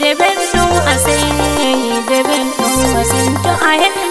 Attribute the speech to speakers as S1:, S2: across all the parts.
S1: da bin sun asai da bin sun a yadda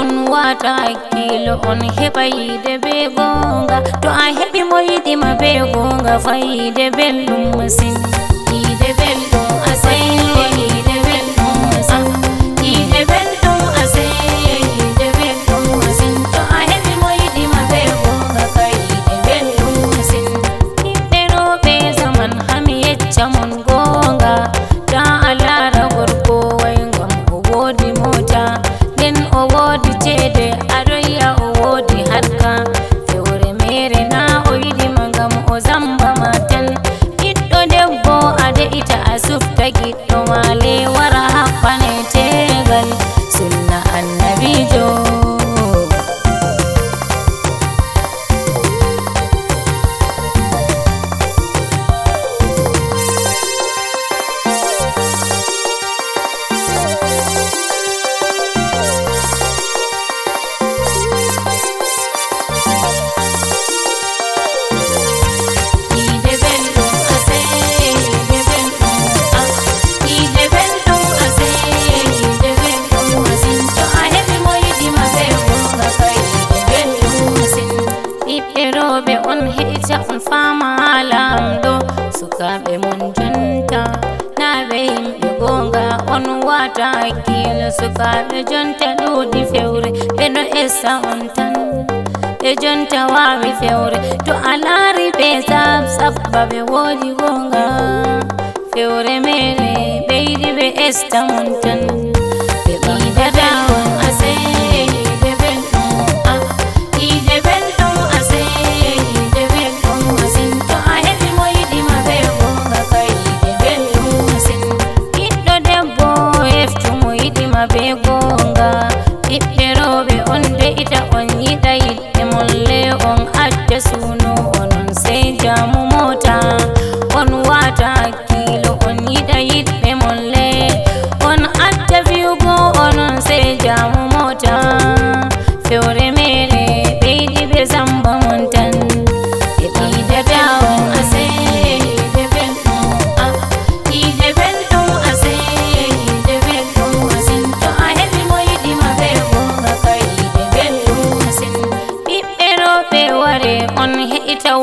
S1: on waɗa hakkilo on heɓa yide be gonga to a heɓi mo yidima be gonga fayide belɗum masin yide belɗum asaie wunjunta na beyin ɓe gonga on wata hakkilo sukaɓe jonta ɗuɗi fewre ɓe ɗo essa on tan ɓe jonta wawi fewre to a laari ɓe sab sabba ɓe woodi gonga fewre mere ɓe yiɗi ɓe esta mon tan ɓe ɓa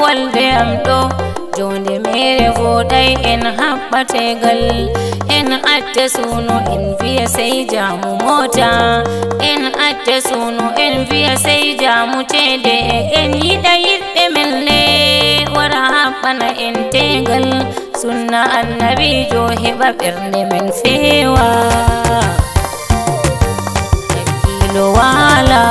S1: wolde am ɗo jonde mere voɗai en haɓɓategal en atte suno en viya sey jamu mota en atte suno en viya sey jamu cede en yiɗa yiɗɗe men ne wara haɓɓana en tegal sunna annabijo heɓa ɓerde men fewa wala voilà.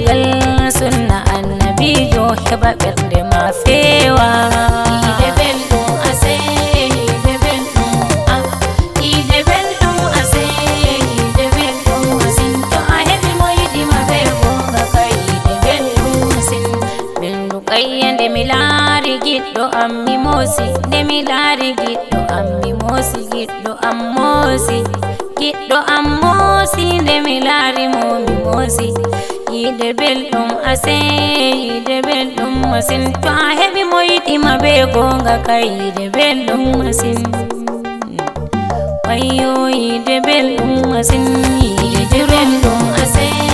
S1: gal sunna annabijo heba ɓerde ma fewa mi laari giɗɗo am mi moosi nde mi laari giɗɗo am mi moosi giɗɗo am moosi bil ɗum ase bil dum masin to a heɓi mo yiɗima be gonga kayide bil dum masin wayo yide bil ɗum masin yide bil ase.